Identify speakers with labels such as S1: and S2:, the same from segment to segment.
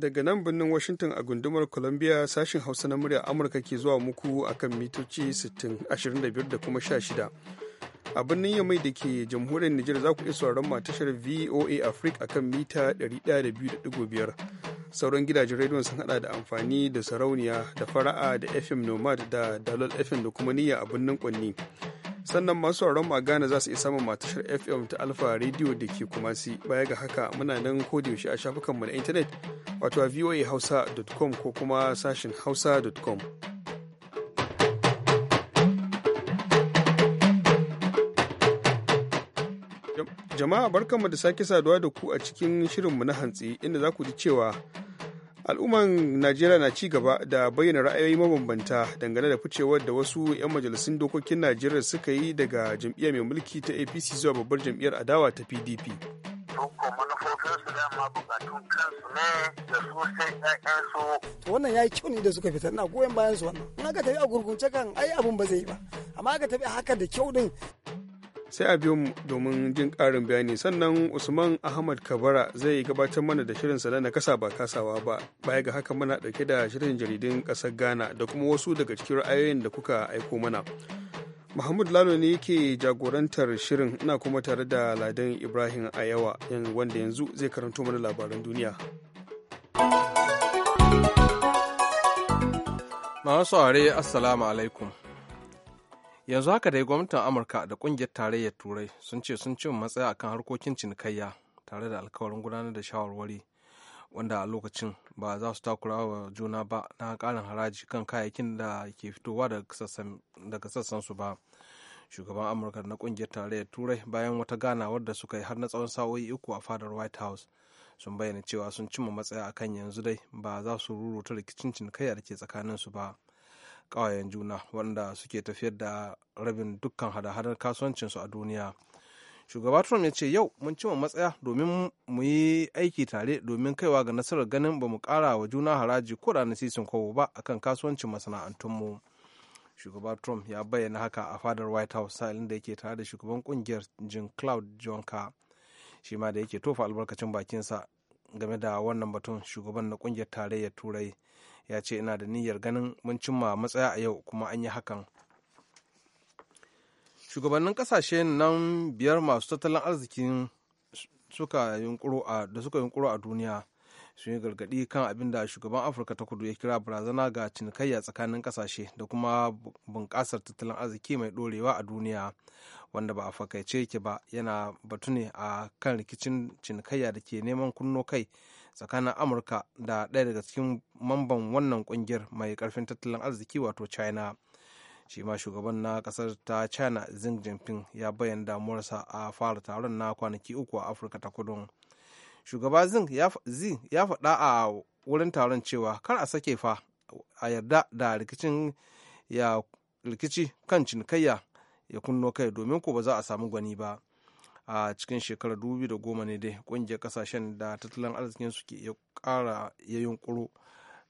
S1: daga nan birnin Washington a gundumar Columbia sashin Hausa na murya Amurka ke zuwa muku akan mitoci 6025 da kuma 16. A birnin Yamai da ke jamhuriyar Nijar za ku iya sauraron matashar tashar VOA Africa akan mita 102.5. Sauran gidajen rediyon sun hada da amfani da sarauniya da fara'a da FM Nomad da Dalol FM da kuma niyya a birnin Kwanni. sannan masu sauraron magana Ghana za su iya samun matashar FM ta Alfa Radio da ke Kumasi baya ga haka muna nan yaushe a shafukanmu na intanet wato a voahausa.com ko kuma sashin hausa.com. Jama'a barkanmu da sake saduwa da ku a cikin shirinmu na hantsi inda za ku ji cewa al'umman najeriya na ci gaba da bayyana ra'ayoyi mabambanta dangane da ficewar da wasu 'yan majalisun dokokin najeriya suka yi daga jam'iyyar mai mulki ta apc zuwa babbar jam'iyyar adawa ta pdp
S2: wannan ya yi kyau ne da suka fitar ina goyon bayan su wannan. In aka tafi a gurgunce kan ai abun ba zai yi ba. Amma aka tafi haka da kyau din
S1: sai a biyo mu domin jin ƙarin bayani sannan usman ahmad kabara zai gabatar mana da shirin shirinsa na kasa ba kasawa ba baya ga haka muna ɗauke da shirin jaridun ƙasar ghana da kuma wasu daga cikin ra'ayoyin da kuka aiko mana Mahmud Lalo ne yake jagorantar shirin ina kuma tare da Ladan Ibrahim a Ayawa wanda yanzu zai karanto mana labaran duniya.
S3: Masu saurare Assalamu alaikum. yanzu haka dai gwamnatin amurka da kungiyar tarayyar turai sun ce sun cin matsaya akan harkokin cinikayya tare da alkawarin gudanar da shawarwari wanda a lokacin ba za su takura wa juna ba na karin haraji kan kayayyakin da ke fitowa daga sassan su ba shugaban amurka na kungiyar tarayyar turai bayan wata ganawar da suka yi har na tsawon sa'o'i uku a fadar white house sun bayyana cewa sun cimma matsaya akan yanzu dai ba za su ruruta rikicin cinikayya da ke tsakanin su ba ƙawayen juna wanda suke tafiyar da rabin dukkan hada-hadar kasuwancinsu a duniya shugaba trump ya ce yau mun cima matsaya domin mu yi aiki tare domin kaiwa ga nasarar ganin ba mu ƙara wa juna haraji ko da sisin kowo ba akan kasuwancin masana'antunmu shugaba trump ya bayyana haka a fadar white house sa'ilin da yake tare da shugaban kungiyar jim cloud jonka shi ma da yake tofa albarkacin bakinsa game da wannan batun shugaban na kungiyar tarayyar turai ya ce ina da niyyar ganin mun cimma matsaya a yau kuma an yi hakan shugabannin kasashe nan biyar masu tattalin arzikin suka yunkuro a da suka yunkuro a duniya sun yi gargadi kan abin da shugaban afirka ta kudu ya kira barazana ga cinikayya tsakanin kasashe da kuma bunƙasar tattalin arziki mai ɗorewa a duniya wanda ba a fakaice yake ba yana batu ne a kan rikicin cinikayya da ke neman kunno kai tsakanin amurka da ɗaya daga cikin mamban wannan kungiyar mai karfin tattalin arziki wato china shi ma shugaban na kasar ta china xi jinping ya bayyana damuwarsa a fara taron na kwanaki uku a afirka ta kudu shugaba xi ya faɗa a wurin taron cewa kar a sake fa a yarda da rikicin rikici kan cinikayya ya kunno kai domin ko ba za a samu gwani ba a cikin shekarar goma ne dai kungiyar kasashen da tattalin arzikin su ke ya kara ya yunkuro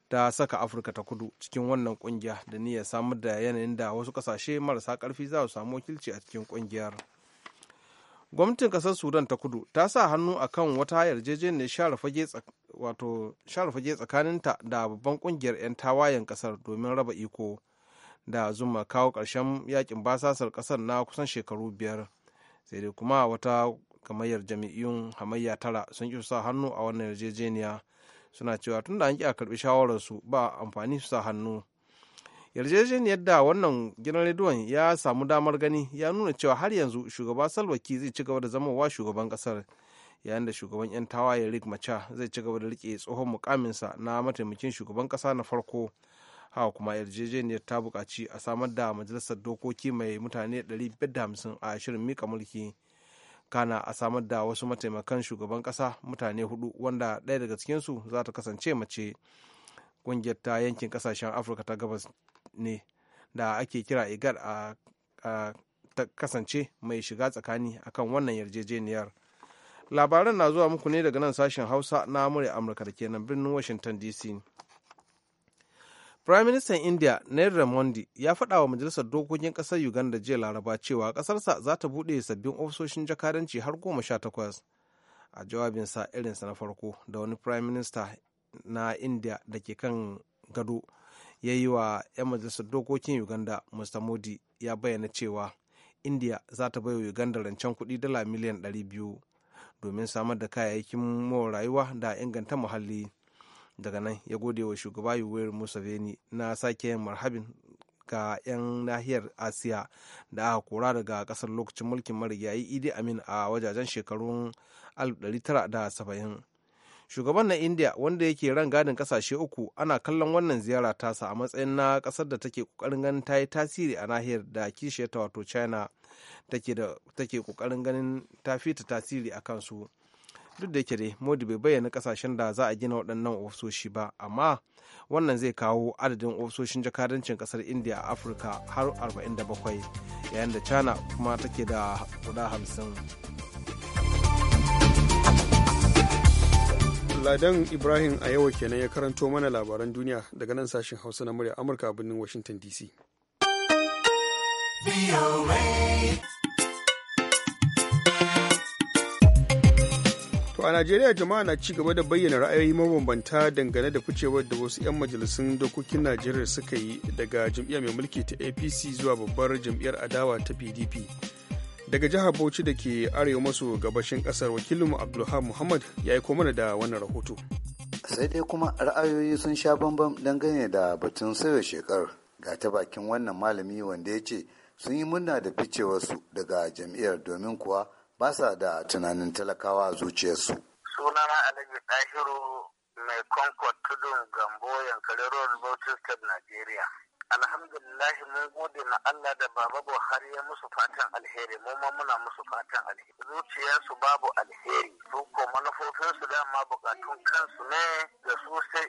S3: ta saka afirka ta kudu cikin wannan kungiya da niyyar samar da yanayin da wasu kasashe marasa karfi za su samu wakilci a cikin kungiyar gwamnatin kasar sudan ta kudu ta sa hannu a kan wata yarjejeniyar share fage tsakaninta da babban kungiyar 'yan tawayen kasar domin raba iko da zuma kawo ƙarshen yakin basasar kasar na kusan shekaru biyar sai dai kuma wata gamayyar jami'in hamayya tara sun ƙi sa hannu a wannan yarjejeniya suna cewa tun da an ƙi a karɓi shawararsu ba amfani su sa hannu yarjejeniyar da wannan gidan rediyon ya samu damar gani ya nuna cewa har yanzu shugaba salwaki zai ci gaba da zama wa shugaban kasar yayin da shugaban 'yan tawaye rick macha zai ci gaba da rike tsohon mukaminsa na mataimakin shugaban kasa na farko haka kuma yarjejeniyar ta buƙaci a samar da majalisar dokoki mai mutane 550 a shirin mika mulki kana a samar da wasu mataimakan shugaban ƙasa mutane hudu wanda ɗaya daga cikinsu za ta kasance mace ƙungiyar ta yankin ƙasashen afirka ta gabas ne da ake kira igar a ta kasance mai shiga tsakani akan wannan yarjejeniyar labaran na zuwa muku ne daga nan sashen hausa na amurka da kenan birnin washington dc Prime Minister India Narendra Modi ya faɗa wa Majalisar Dokokin Ƙasar Uganda jiya Laraba cewa ƙasarsa za ta buɗe sabbin ofisoshin jakadanci har goma sha takwas. A jawabinsa irinsa na farko da wani Prime Minister na India da ke kan gado ya yi wa 'yan Majalisar Dokokin Uganda Mr. Modi ya bayyana cewa India za ta bai wa Uganda rancen kuɗi dala miliyan 200 domin samar da kayayyakin more rayuwa da inganta muhalli. daga nan ya gode wa shugaba yuweri museveni na sake yin marhabin ga 'yan nahiyar asiya da aka kora daga kasar lokacin mulkin marigayi idi amin a wajajen shekarun 1970 shugaban na india wanda yake ran gadin kasashe uku ana kallon wannan ziyara tasa a matsayin na kasar da take kokarin ganin ta yi tasiri a nahiyar da kishiyarta wato china take kokarin ganin ta fita tasiri a kansu duk da yake dai modi bai bayyana kasashen da za a gina waɗannan ofisoshi ba amma wannan zai kawo adadin ofisoshin jakadancin kasar india a afirka har 47 yayin da china kuma take da guda 50 ladan
S1: ibrahim a yawa kenan ya karanto mana labaran duniya daga nan sashen hausa na murya amurka a birnin washington dc To a Najeriya jama'a na ci gaba da bayyana ra'ayoyi mabambanta dangane da ficewar da wasu 'yan majalisun dokokin Najeriya suka yi daga jam'iyyar mai mulki ta APC zuwa babbar jam'iyyar adawa ta PDP. Daga jihar Bauchi da ke arewa maso gabashin kasar wakilinmu Abdulham Muhammad ya yi mana da wannan rahoto.
S4: Sai dai kuma ra'ayoyi sun sha bambam dangane da batun sayo shekar ga ta bakin wannan malami wanda ya ce sun yi murna da ficewarsu daga jam'iyyar domin kuwa ba sa da tunanin talakawa a zuciyarsu.
S5: Sunana Alhaji Ɗahiru mai Concord Tudun Gambo Yankari Road Bauchi Nigeria.
S2: alhamdulillah mun gode na Allah da baba Buhari ya musu fatan alheri mu ma muna musu
S5: fatan alheri zuciyarsu babu alheri su ko manufofinsu dama bukatun kansu ne da su sai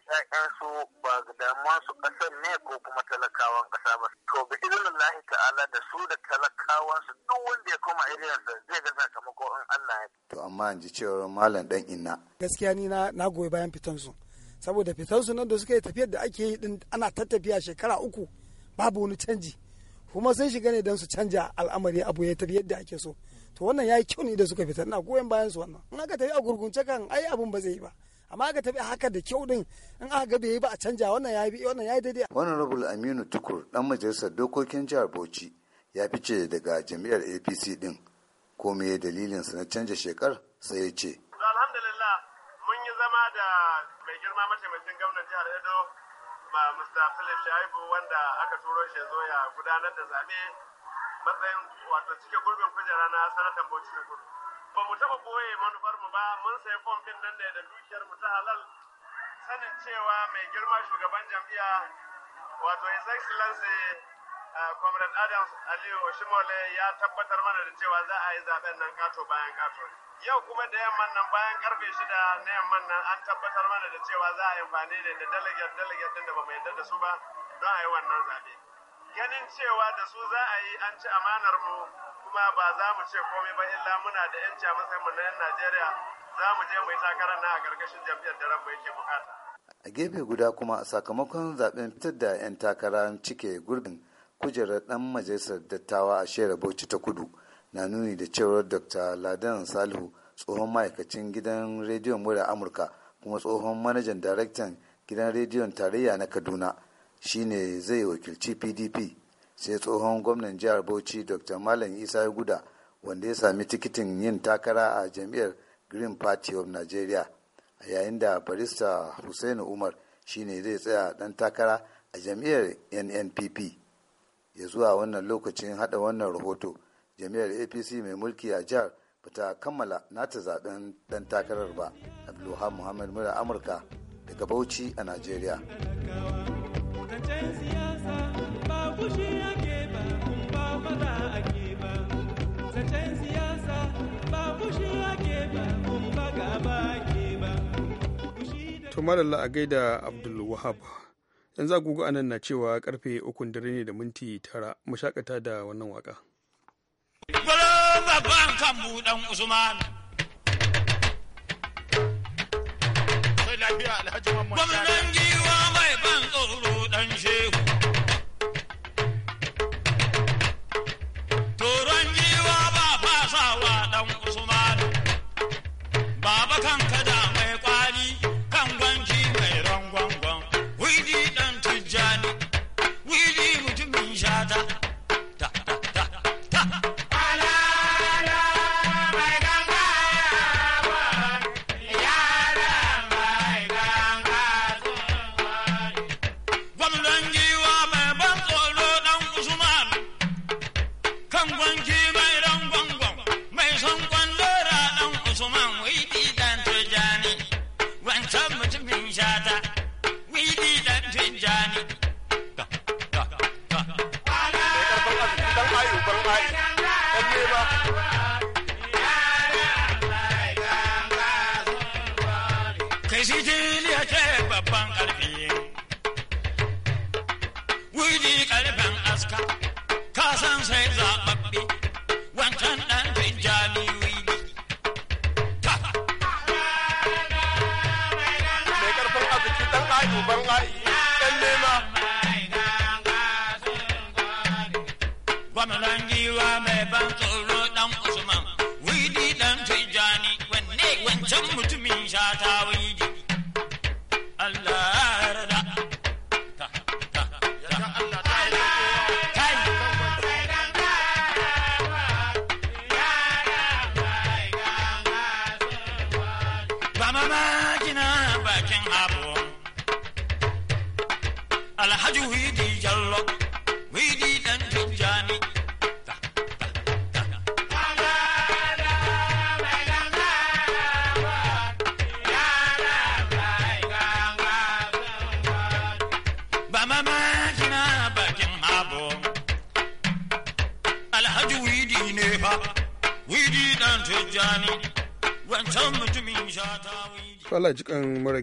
S5: su ba ga damuwa su ƙasar ne ko kuma talakawan ƙasa ba to bi idinillahi ta'ala da su da talakawan
S4: su duk wanda ya koma iriyarsa zai ga sakamako in Allah ya to amma an ji cewa malam dan inna
S2: gaskiya ni na goyi bayan fitan su saboda fitansu nan da suka yi tafiyar da ake yi din ana tattafiya shekara uku babu wani canji kuma sun shiga ne don su canja al'amari abu ya tafi yadda ake so to wannan ya yi kyau ne da suka fita na goyon bayan su wannan in aka tafi a gurgunce kan ai abun ba zai yi ba amma aka tafi haka da kyau din in aka ga bai yi ba a canja wannan ya yi wannan ya yi daidai
S4: wannan rabul aminu tukur dan majalisar dokokin jihar bauchi ya fice daga jami'ar apc din ko me dalilin sa na canja shekar sai ya ce
S6: ma mataimakin gwamnan jihar Edo ba Mr. Philip Shaibu wanda aka turo shi zo ya gudanar da zaɓe matsayin wato cike gurbin kujera na sanatan Bauchi Kudu. Ba mu taɓa boye manufar mu ba mun sayi fom nan da da dukiyar mu ta halal sanin cewa mai girma shugaban jam'iyya wato His Excellency eh, Comrade Adams Aliyu Oshimole ya tabbatar mana da cewa za a yi zaɓen nan kato bayan kato yau kuma da yamman nan bayan karfe shida na yamman nan an tabbatar mana da cewa za a yi amfani da da delegate delegate din da ba mu yarda da su ba don a yi wannan zaɓe ganin cewa da su za a yi an ci amanar mu kuma ba za mu ce komai ba illa muna da yanci a matsayin mu na yan Najeriya za mu je mu yi takarar na a ƙarƙashin jam'iyyar da rabu yake bukata
S4: a gefe guda kuma a sakamakon zaben fitar da 'yan takara cike gurbin kujerar dan majalisar dattawa a shera bauchi ta kudu na nuni da cewar dr ladan salihu tsohon ma'aikacin gidan rediyon mura amurka kuma tsohon manajan daraktan gidan rediyon tarayya na kaduna shine zai wakilci pdp sai tsohon gwamnan jihar bauchi dr malam isa guda wanda ya sami tikitin yin takara a jam'iyyar green party of nigeria a yayin da barista hussain umar shine zai tsaya dan takara a jam'iyyar nnpp ya zuwa wannan lokacin hada wannan rahoto jami'ar apc mai mulki a jihar ba ta kammala nata zaben dan takarar ba Abdullahi muhammad mura amurka daga bauchi a nigeria
S1: tumalalla a gaida abdulwahab yanzu agogo anan na cewa karfe ukun dare ne da minti tara mu shakata da wannan waka.
S5: Bala babban kan buɗan Usman. Sai lafiya Alhaji Mamman.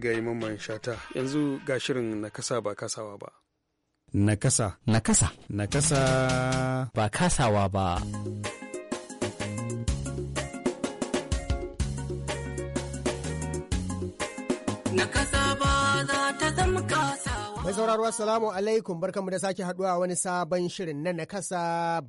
S1: yi mamman shata yanzu ga shirin na kasa ba kasawa ba nakasa nakasa nakasa ba kasawa ba
S7: nakasa ba za ta zama kasawa
S8: mai sauraro assalamu alaikum barkanmu da sake haduwa wani sabon shirin na nakasa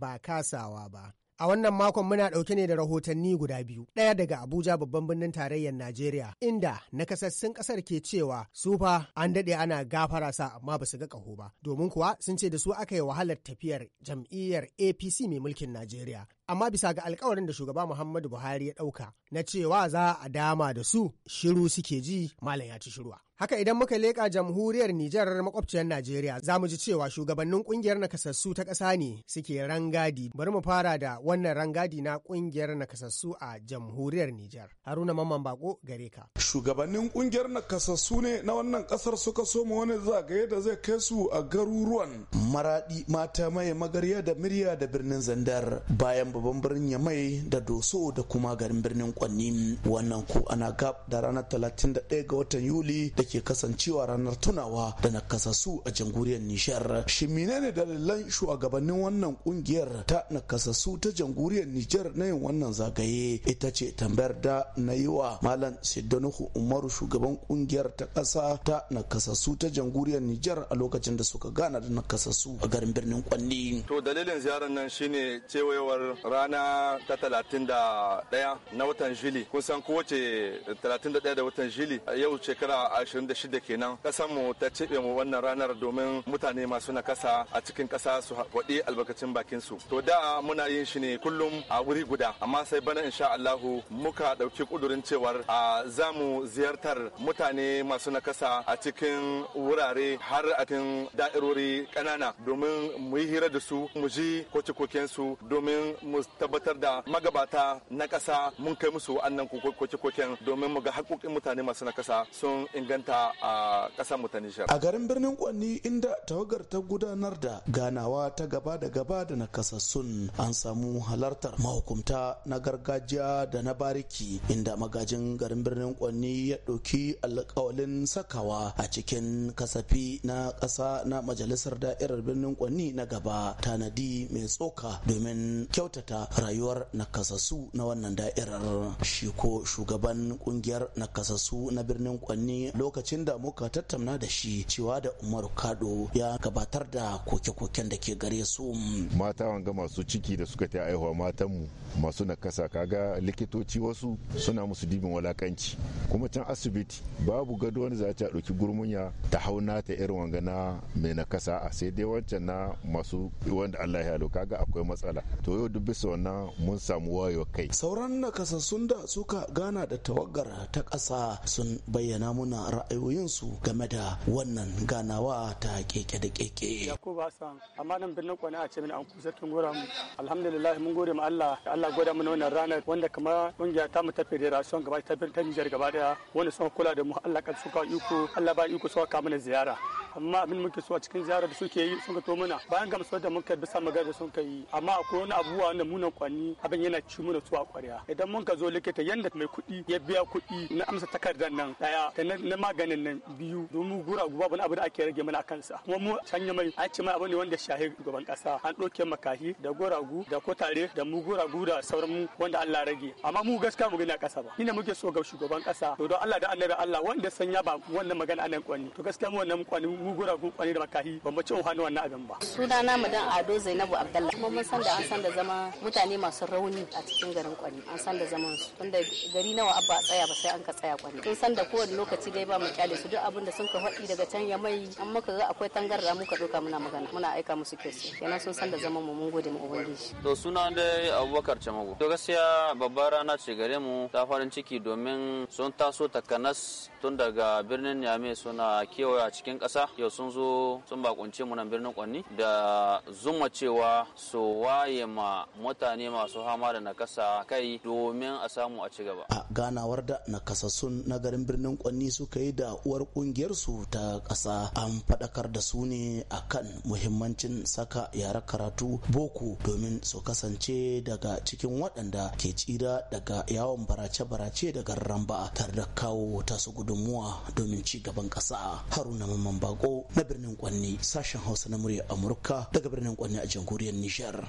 S8: ba kasawa ba A wannan makon muna ɗauke ne da rahotanni guda biyu, ɗaya daga Abuja babban birnin tarayyar Najeriya, inda nakasassun ƙasar ke cewa su fa an daɗe ana gafara sa amma ba su ga ƙaho ba, domin kuwa sun ce da su aka yi wahalar tafiyar jam'iyyar APC mai mulkin Najeriya. amma bisa ga alkawarin da shugaba Muhammadu Buhari ya ɗauka na cewa za a dama da su shiru suke ji malam ya ci shiruwa. Haka idan muka leƙa jamhuriyar Nijar makwabciyar Najeriya za mu ji cewa shugabannin ƙungiyar nakasassu ta ƙasa ne suke rangadi. Bari mu fara da wannan rangadi na ƙungiyar nakasassu a jamhuriyar Nijar. Haruna Mamman Bako gare ka.
S9: Shugabannin ƙungiyar nakasassu ne na wannan ƙasar suka soma wani zagaye da zai kai su a garuruwan Maraɗi, Mata Mai, Magarya da Murya da birnin Zandar bayan babban birnin Yamai da Doso da kuma garin birnin Kwanni. Wannan ko ana gab da ranar 31 ga watan Yuli da ke kasancewa ranar tunawa da nakasassu a jamhuriyar Nijar. Shi menene dalilan shugabannin wannan kungiyar ta nakasassu ta jamhuriyar Nijar na yin wannan zagaye ita ce tambayar da na yi wa Malam Sidonuhu Umaru shugaban kungiyar ta ƙasa ta nakasassu ta jamhuriyar Nijar a lokacin da suka gana da nakasassu a garin birnin
S3: Kwanni. To dalilin ziyarar nan shine cewayewar rana ta 31 na watan Juli kusan kowace 31 da watan Juli yau shekara 26 kenan kasan mu ta cebe mu wannan ranar domin mutane masu nakasa a cikin kasa su haɗe albarkacin bakin su to da muna yin shi ne kullum a wuri guda amma sai bana
S9: insha Allahu muka ɗauki kudurin cewar a za mu ziyartar mutane masu nakasa a cikin wurare har a cikin da'irori ƙanana domin mu
S3: yi hira da su mu ji kwace koken su domin mu tabbatar da magabata na ƙasa mun kai musu annan koke-koken domin mu ga haƙoƙin mutane masu na ƙasa sun inganta a ƙasar mu ta
S9: A garin birnin Kwanni inda tawagar ta gudanar da ganawa ta gaba da gaba da sun an samu halartar mahukumta na gargajiya da na bariki inda magajin garin birnin Kwanni ya ɗauki alƙawalin sakawa a cikin kasafi na ƙasa na majalisar da'irar birnin Kwanni na gaba tanadi mai tsoka domin kyautata ta rayuwar nakasassu na wannan da'irar shi ko shugaban kungiyar nakasassu na birnin kwanni lokacin da muka tattauna da shi cewa da umar kado ya gabatar da koke-koken da ke gare su mata wanga masu ciki da suka ta aihuwa matanmu masu nakasa kaga likitoci wasu suna musu dibin walakanci kuma can asibiti babu gado wani za a ɗauki gurmunya ta hauna ta irin wanga na mai nakasa a sai dai wancan na masu wanda Allah ya kaga akwai matsala to yau duk bisa wannan mun samu wayo kai sauran nakasassun da suka gana da tawagar ta kasa sun bayyana muna ra'ayoyinsu game da wannan ganawa ta keke da
S10: keke yakubu hassan amma nan birnin kwana a ce mini an kusa tun gora mu alhamdulillah mun gode ma Allah Allah gwada mana wannan ranar wanda kamar kungiya ta mu ta federation gaba ta ta Niger gaba daya wanda suka kula da mu Allah ka suka iko Allah ba iko suka kawo mana ziyara amma abin muke so a cikin ziyarar da suke yi sun to mana bayan ga gamsuwar da muka bisa magana da sun yi amma akwai wani abubuwa wanda muna kwani abin yana ci mu da su a kwarya idan mun ka zo likita yanda mai kuɗi ya biya kuɗi na amsa takardar nan daya da na maganin nan biyu domin gura guba wani abu da ake rage mana kansa kuma mu canya mai a ce mai abu ne wanda shahi gaban kasa an ɗauke makahi da goragu da kotare da mu goragu da sauran mu wanda Allah rage amma mu gaskiya mu gina kasa ba ina muke so ga shugaban kasa to don Allah da annabi Allah wanda sanya ba wannan magana anan kwani to gaskiya mu wannan kwani mu mu guragun da makahi ban bace hannu wannan abin ba sunana madan ado zainabu abdallah kuma mun san da an san da
S1: zama mutane masu rauni a cikin garin kwari an san da zaman su tunda gari nawa abba a tsaya ba sai an ka tsaya kwari sun san da kowane lokaci dai ba mu kyale su
S7: duk abin da sun ka faɗi daga can ya mai an muka ga akwai tangarda muka doka muna magana muna aika musu kesu
S1: kenan sun san da zaman mu mun gode mu ubangiji
S5: to suna dai abubakar camago to gaskiya babbar rana ce gare mu ta farin ciki domin sun taso takanas tun daga birnin yame suna kewaya cikin ƙasa yau sun zo sun bakunce mu nan birnin Kwanni da zuma cewa su waye ma mutane masu hama da nakasa kai domin a samu a ci gaba.
S9: A ganawar da nakasassun na garin birnin Kwanni suka yi da uwar kungiyar su ta kasa. an faɗakar da su ne a kan muhimmancin saka yara karatu boko domin su kasance daga cikin waɗanda ke tsira daga yawon barace-barace daga ramba tare da kawo tasu gudunmuwa domin ci gaban ƙasa haruna mamman bago bako na birnin kwanni sashen hausa na murya amurka daga birnin kwanni a jamhuriyar nijar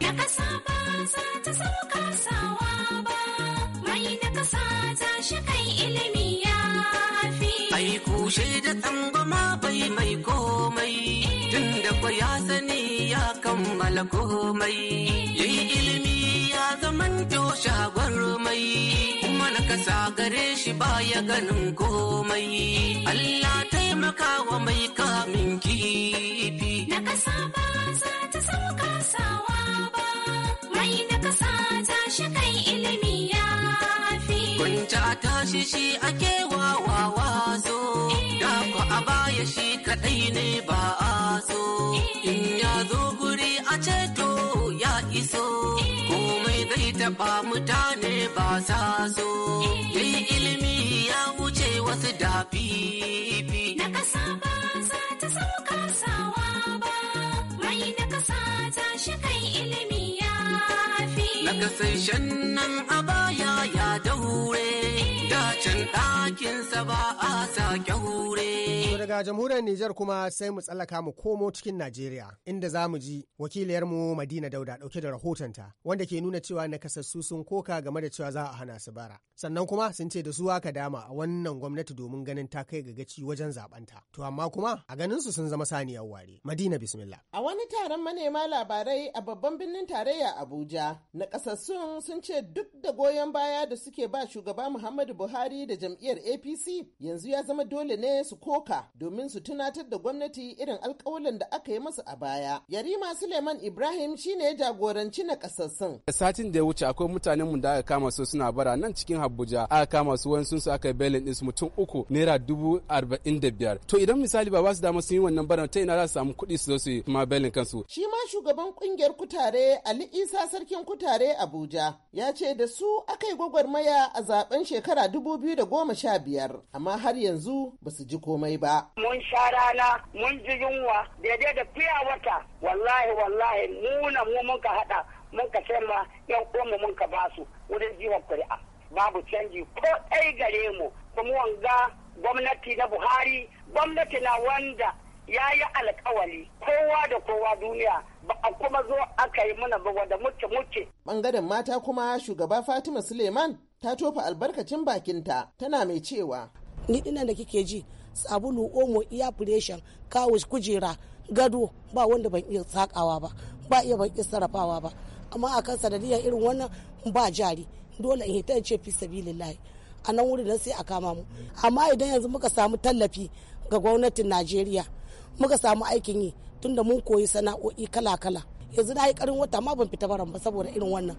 S9: Aiku shaida
S7: tsangwama bai mai komai, Tunda da kwa ya sani ya kammala komai, yayi ilimi ya zamanto shagwar mai, kuma na kasa gare shi baya ganin komai. Allah ta wa mai kamin kifi. Na kasa ba za ta sauka sawa ba, mai na kasa ta shi kai ilimi ya
S2: fi. Kunta tashi shi ake wawa wazo, eh. da ku a baya shi kaɗai ne ba a zo. Eh. In ya zo guri a ceto ya iso, eh. komai zai taɓa mutane ba sa zo. Yi ilimi ya wata da Na kasa ba za ta sauka sawa ba, mai na kasa ta shi kai ilimi. kasashen nan a baya ya daure dacin ɗakinsa ba a sake hure.
S8: daga jamhuriyar Nijar kuma sai mu tsallaka mu komo cikin Najeriya inda za mu ji wakiliyarmu Madina Dauda ɗauke da rahotonta wanda ke nuna cewa nakasassu sun koka game da cewa za a hana su bara. Sannan kuma sun ce da su ka dama a wannan gwamnati domin ganin ta kai ga gaci wajen zabanta To amma kuma a ganin su sun zama saniyar ware. Madina bismillah.
S7: A wani taron manema labarai a babban birnin tarayya Abuja na ƙasar Nakasassun sun ce duk da goyon baya da suke ba shugaba Muhammadu Buhari da jam'iyyar APC yanzu ya zama dole ne su koka domin su tunatar da gwamnati irin alkawalan da aka yi masa a baya. Yarima Suleiman Ibrahim shine ya jagoranci nakasassun.
S9: Satin da ya wuce akwai mutanen mu da aka kama su suna bara nan cikin Abuja aka kama su sun su aka bailin din su mutum uku naira dubu arba'in da biyar. To idan misali ba ba su dama sun yi wannan bara ta ina za su samu kuɗi su zo su yi ma belin kansu.
S7: Shi ma shugaban kungiyar kutare Ali Isa sarkin kutare Abuja ya ce da su aka yi gwagwarmaya a zaben shekara 2015 amma har yanzu ba su ji komai ba.
S10: Mun sha rana, mun ji yunwa, daidai da fiya wata, wallahi wallahi nuna mu mun ka haɗa mun ka sai ma yan kuma mun ka basu wurin jiwon kuri'a. Babu canji ko ɗai gare mu, kuma wanga gwamnati na Buhari, gwamnati na wanda ya yi alkawali kowa da kowa duniya ba a kuma zo aka yi mana ba wanda muke muke.
S7: Bangaren mata kuma shugaba Fatima Suleiman ta tofa albarkacin bakinta tana mai cewa. Ni ina da kike ji sabulu omo iya fureshen kawo kujera gado ba wanda ban iya sakawa ba ba iya ban iya sarrafawa ba amma a kan sanadiyya irin wannan ba jari dole in hita ce fi sabilillahi a nan wurin sai a kama mu amma idan yanzu muka samu tallafi ga gwamnatin najeriya muka samu aikin yi tunda mun koyi sana'o'i kala-kala yanzu na yi karin wata ma ban fita baran ba saboda irin wannan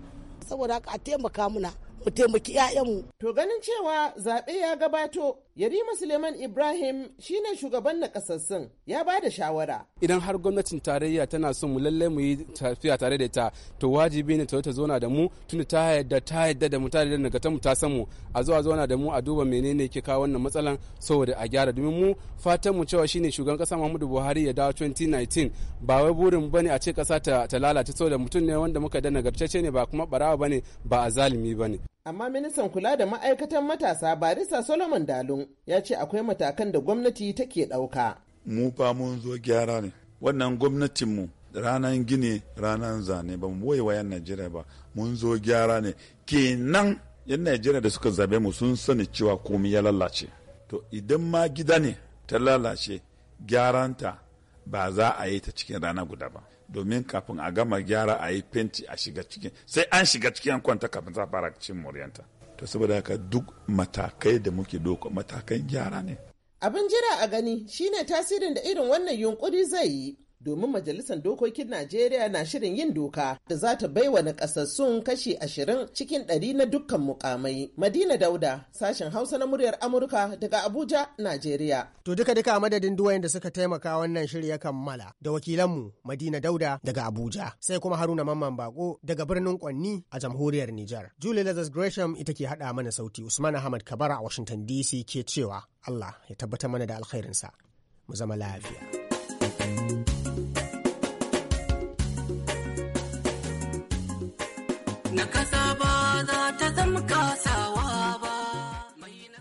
S7: saboda haka a taimaka muna mu taimaki 'ya'yanmu. To ganin cewa zaɓe ya gabato Yarima Suleiman Ibrahim shine shugaban ƙasassun ya ba da shawara.
S9: Idan har gwamnatin tarayya tana son mu lallai mu yi tafiya tare da ta to wajibi ne ta zauna da mu tunda ta yadda ta yadda da mu ta yadda daga ta mu ta san mu a zuwa zauna da mu a duba menene ke kawo wannan matsalan saboda a gyara domin mu fatan mu cewa shine shugaban kasa Muhammadu Buhari ya dawo 2019 ba wai burin bane a ce kasa ta, ta lalace saboda mutum ne wanda muka da nagartacce ne ba kuma barawa bane ba a zalimi bane.
S7: amma ministan kula da ma'aikatan matasa barisa solomon dalun ya ce akwai matakan da gwamnati take ɗauka.
S9: mu fa mun zo gyara ne wannan gwamnatinmu ranar gini ranar zane ba mu wayan najeriya ba mun zo gyara ne kenan yan najeriya da suka zabe mu sun sani cewa komai ya lalace to idan ma gida ne ta lalace gyaranta ba za a yi ta cikin rana guda ba domin kafin a gama gyara a yi fenti a shiga cikin sai an shiga cikin an kwanta kafin za a fara cin muryanta to saboda haka duk matakai da muke doka matakan gyara ne
S7: abin jira a gani shine tasirin da irin wannan yunkuri zai yi domin majalisar dokokin Najeriya na shirin yin doka da za ta baiwa nakasassun kashi ashirin cikin ɗari na dukkan mukamai. Madina Dauda, sashen Hausa na muryar Amurka daga Abuja, Najeriya. To duka
S8: duka madadin duwayen da suka taimaka wannan shiri ya kammala da wakilanmu Madina Dauda daga Abuja, sai kuma Haruna Mamman Bako daga birnin Kwanni a jamhuriyar Nijar. Julie Lazarus Gresham ita ke haɗa mana sauti Usman Ahmad Kabara a Washington DC ke cewa Allah ya tabbatar mana da alkhairinsa. Mu zama lafiya.
S7: kasawa ba.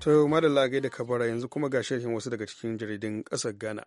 S1: To, madalla da kabara yanzu kuma ga sharhin wasu daga cikin jaridun ƙasar Ghana.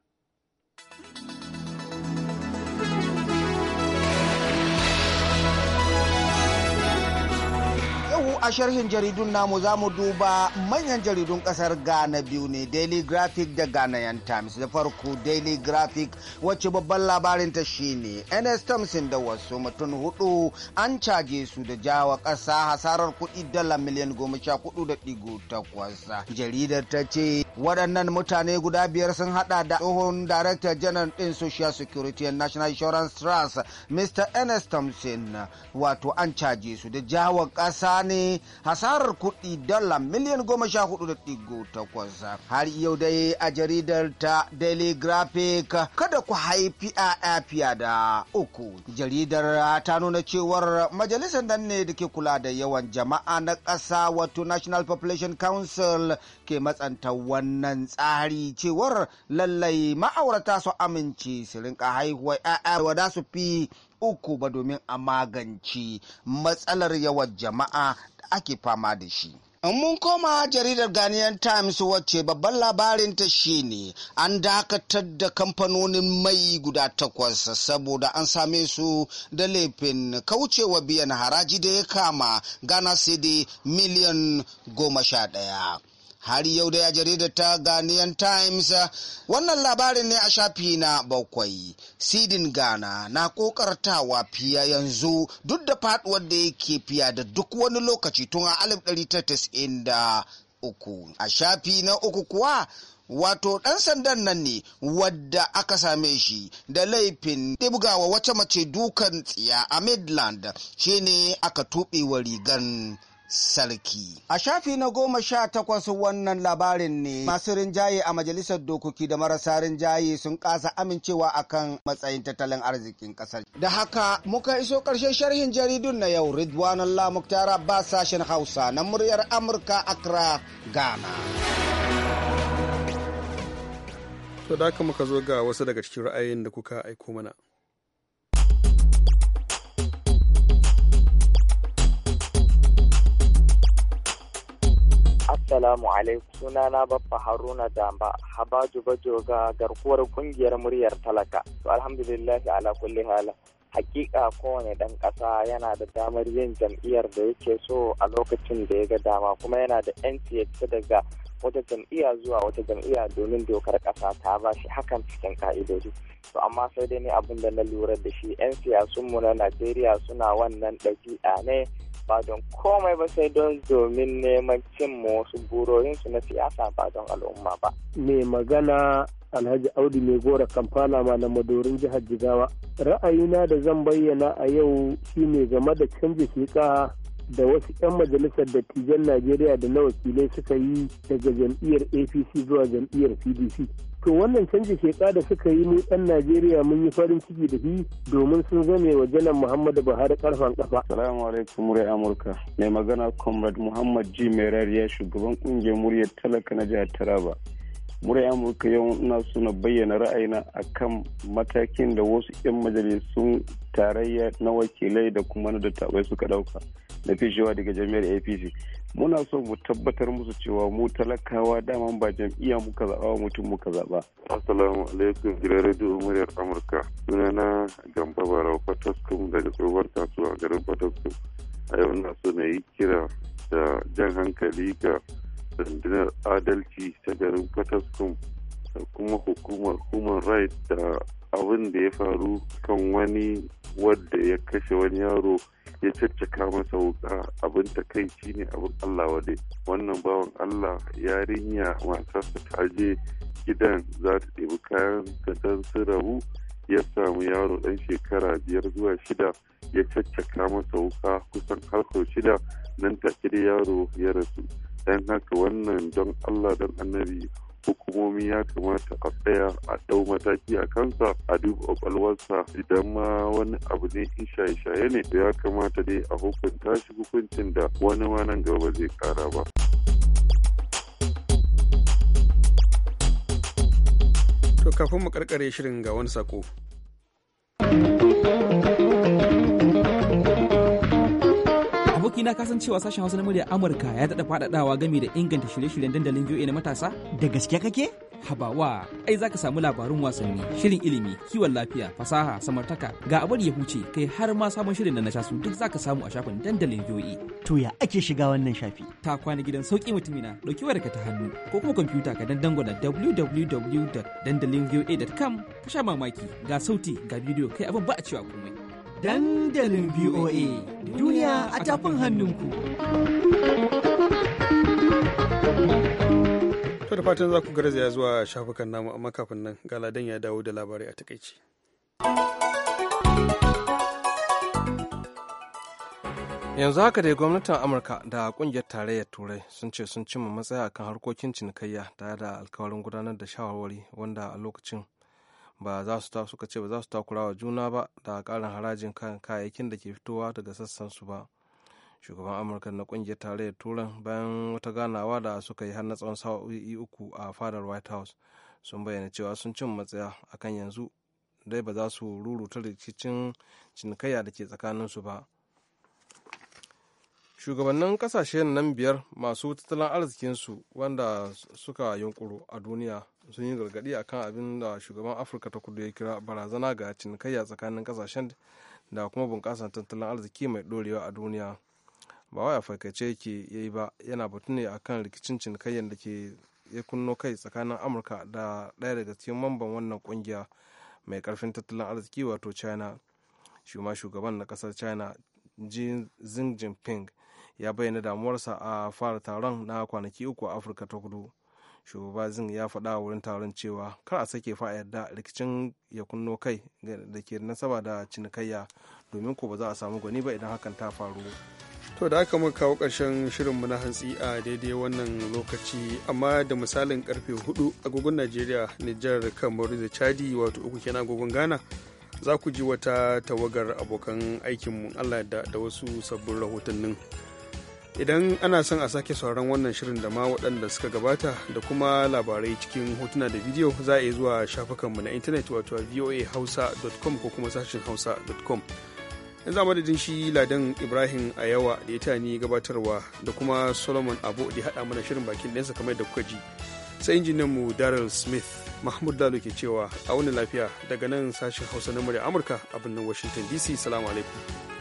S2: a sharhin jaridun namu za mu duba manyan jaridun kasar Ghana biyu ne Daily Graphic da Ghanaian Times da farko Daily Graphic wacce babban labarin ta shine NS Thompson da wasu mutum hudu an caje su da jawa kasa hasarar kuɗi dala miliyan goma sha kudu da ɗigo takwas. Jaridar ta ce waɗannan mutane guda biyar sun hada da tsohon Director General ɗin Social Security and National Insurance Trust Mr. NS Thompson wato an caje su da jawa ƙasa ne hasarar kuɗi dala miliyan goma sha hudu da digo takwas. Har yau dai a jaridar ta Daily Graphic kada ku haifi a afiya da uku. Jaridar ta nuna cewar majalisar nan ne da ke kula da yawan jama'a na ƙasa wato National Population Council ke matsanta wannan tsari cewar lallai ma'aurata su amince su rinka haihuwa 'ya'ya wada su fi uku ba domin a magance matsalar yawan jama'a ake fama da shi. In mun koma jaridar Ghanaian Times wacce babban labarinta ne an dakatar da kamfanonin mai guda takwas saboda an same su da laifin kaucewa biyan haraji da ya kama Ghana Cedi miliyan goma sha ɗaya. har yau da ya jaridar ta Ghanaian Times wannan labarin ne a shafi na bakwai. Sidin Ghana na kokartawa fiya yanzu duk da faduwar da yake fiya da duk wani lokaci tun a 1993. A shafi na uku kuwa wato ɗan sandan nan ne wadda aka same shi da laifin ɗibgawa wata mace dukan tsiya a midland shine aka tuɓe wa rigan sarki. A shafi na goma sha takwas wannan labarin ne masu rinjaye a majalisar dokoki da marasa rinjaye sun kasa amincewa akan matsayin tattalin arzikin kasar. Da haka muka iso ƙarshen sharhin jaridun na yau Ridwan Allah Muktara ba sashen Hausa na muryar Amurka Accra, Ghana.
S1: To da muka zo ga wasu daga cikin ra'ayin da kuka aiko mana.
S10: Assalamu alaikum sunana Baffa Haruna Damba Habaju Bajoga garkuwar kungiyar muryar talaka. To alhamdulillah ala kulli hala. Hakika kowane dan kasa yana da damar yin jam'iyyar da yake so a lokacin da ya ga dama kuma yana da 'yanci ya daga wata jam'iyya zuwa wata jam'iyya domin dokar kasa ta ba shi hakan cikin ka'idoji to amma sai dai ne abin da na lura da shi 'yan siyasunmu na najeriya suna wannan ɗabi'a ne ba don komai ba sai don domin neman cin wasu burorinsu na siyasa ba don al'umma ba. Mai magana Alhaji Audu mai gora kamfana na madorin jihar Jigawa. Ra'ayina da zan bayyana a yau shine game da canji shiƙa da wasu 'yan majalisar dattijan Najeriya da na wakilai suka yi daga jam'iyyar APC zuwa jam'iyyar PDP. to wannan canji sheka da suka yi mu ɗan najeriya mun yi farin ciki da shi domin sun zame wa janar muhammadu
S4: buhari karfan kafa salamu alaikum murai amurka mai magana comrade muhammad g merariya shugaban kungiyar muryar talaka na jihar taraba murai amurka yau na suna bayyana ra'ayina akan matakin da wasu 'yan majalisun tarayya na wakilai da kuma na dattawai suka ɗauka na fishewa daga jami'ar apc muna so mu tabbatar musu cewa mu talakawa dama ba jam'iyya muka zaɓa mutum muka zaɓa.
S11: assalamu alaikum gidan rediyo muryar amurka sunana gamba barau fataskum daga tsohuwar kasuwa a garin fataskum a yau na so na yi kira da jan hankali ga sandunar adalci ta garin fataskum kuma hukumar human rights da abin da ya faru kan wani wadda ya kashe wani yaro ya caccaka masa wuka abin takaici ne abin Allah wade wannan bawan Allah yarinya matarsa ta je gidan za ta ɗebi kayan ta don su rabu ya samu yaro ɗan shekara biyar zuwa shida ya caccaka masa wuka kusan harko shida nan take da yaro ya rasu don haka wannan don Allah don annabi hukumomi ya kamata a tsaya a dau mataki a kansa a duba kwakwalwarsa idan ma wani abu ne in shaye-shaye ne ya kamata dai a hukunta shi hukuncin da wani ma nan gaba zai kara
S1: ba. To kafin mu karkare shirin ga wani sako.
S7: aboki na kasan cewa sashen Hausa na murya Amurka ya daɗa faɗaɗawa game da inganta shirye-shiryen dandalin VOA na matasa? Da gaske kake? Habawa, ai zaka samu labarun wasanni, shirin ilimi, kiwon lafiya, fasaha, samartaka, ga abar ya huce, kai har ma sabon shirin da na duk za ka samu a shafin dandalin VOA. To ya ake shiga wannan shafi? Ta kwana gidan sauki mutumina, ɗauki wayarka ta hannu, ko kuma kwamfuta ka dangwala www.dandalinvoa.com ka sha mamaki ga sauti ga bidiyo kai abin ba a cewa komai. dandalin VOA duniya a tafin hannunku.
S1: To da fatan za ku garzaya zuwa shafukan namu amma kafin nan galadan ya dawo da labarai a takaici.
S3: yanzu haka dai gwamnatin amurka da kungiyar tarayyar turai sun ce sun cimma matsaya kan harkokin cinikayya tare da alkawarin gudanar da shawarwari wanda a lokacin ba za su suka ce ba za su takurawa juna ba da karin harajin kan kayayyakin da ke fitowa daga sassan su ba shugaban amurka na kungiyar tarayyar turan bayan wata ganawa da suka yi har na tsawon sa'o'i uku a fadar white house sun bayyana cewa sun cin matsaya akan yanzu dai ba za su ruruta rikicin cinikayya da ke tsakanin su ba shugabannin kasashen nan biyar masu tattalin arzikinsu wanda suka yunkuru a duniya sun yi gargadi a kan abin da shugaban afirka ta kudu ya kira barazana ga cinikayya tsakanin kasashen da kuma bunƙasar tattalin arziki mai dorewa a duniya ba wai a farkace yake ya yi ba yana batu ne a kan rikicin cinikayyar da ke ya kunno kai tsakanin amurka da ɗaya daga cikin mamban wannan ƙungiya mai ƙarfin tattalin arziki wato china shuma shugaban na kasar china xi jinping ya bayyana damuwarsa a fara taron na kwanaki uku a afirka ta kudu shugaba zin ya faɗa a wurin taron cewa kar a sake fa yarda rikicin ya kunno kai da ke nasaba da cinikayya domin ko ba za a samu gwani ba idan hakan ta faru
S1: to da aka muka kawo karshen shirin shirinmu na hantsi a daidai wannan lokaci amma da misalin karfe hudu agogon najeriya nijar kamaru da chadi wato uku kenan agogon ghana za ku ji wata tawagar abokan aikinmu allah da wasu sabbin rahotannin idan ana son a sake sauran wannan shirin da ma waɗanda suka gabata da kuma labarai cikin hotuna da bidiyo za a yi zuwa shafukanmu na intanet wato voahausa.com ko kuma sashin hausa.com yanzu a madadin shi ladan ibrahim a da ya tani gabatarwa da kuma solomon abu da haɗa mana shirin bakin ɗansa kamar da kuka ji sai mu daryl smith mahmud dalo ke cewa a wani lafiya daga nan sashin hausa na murya amurka a birnin washington dc salamu alaikum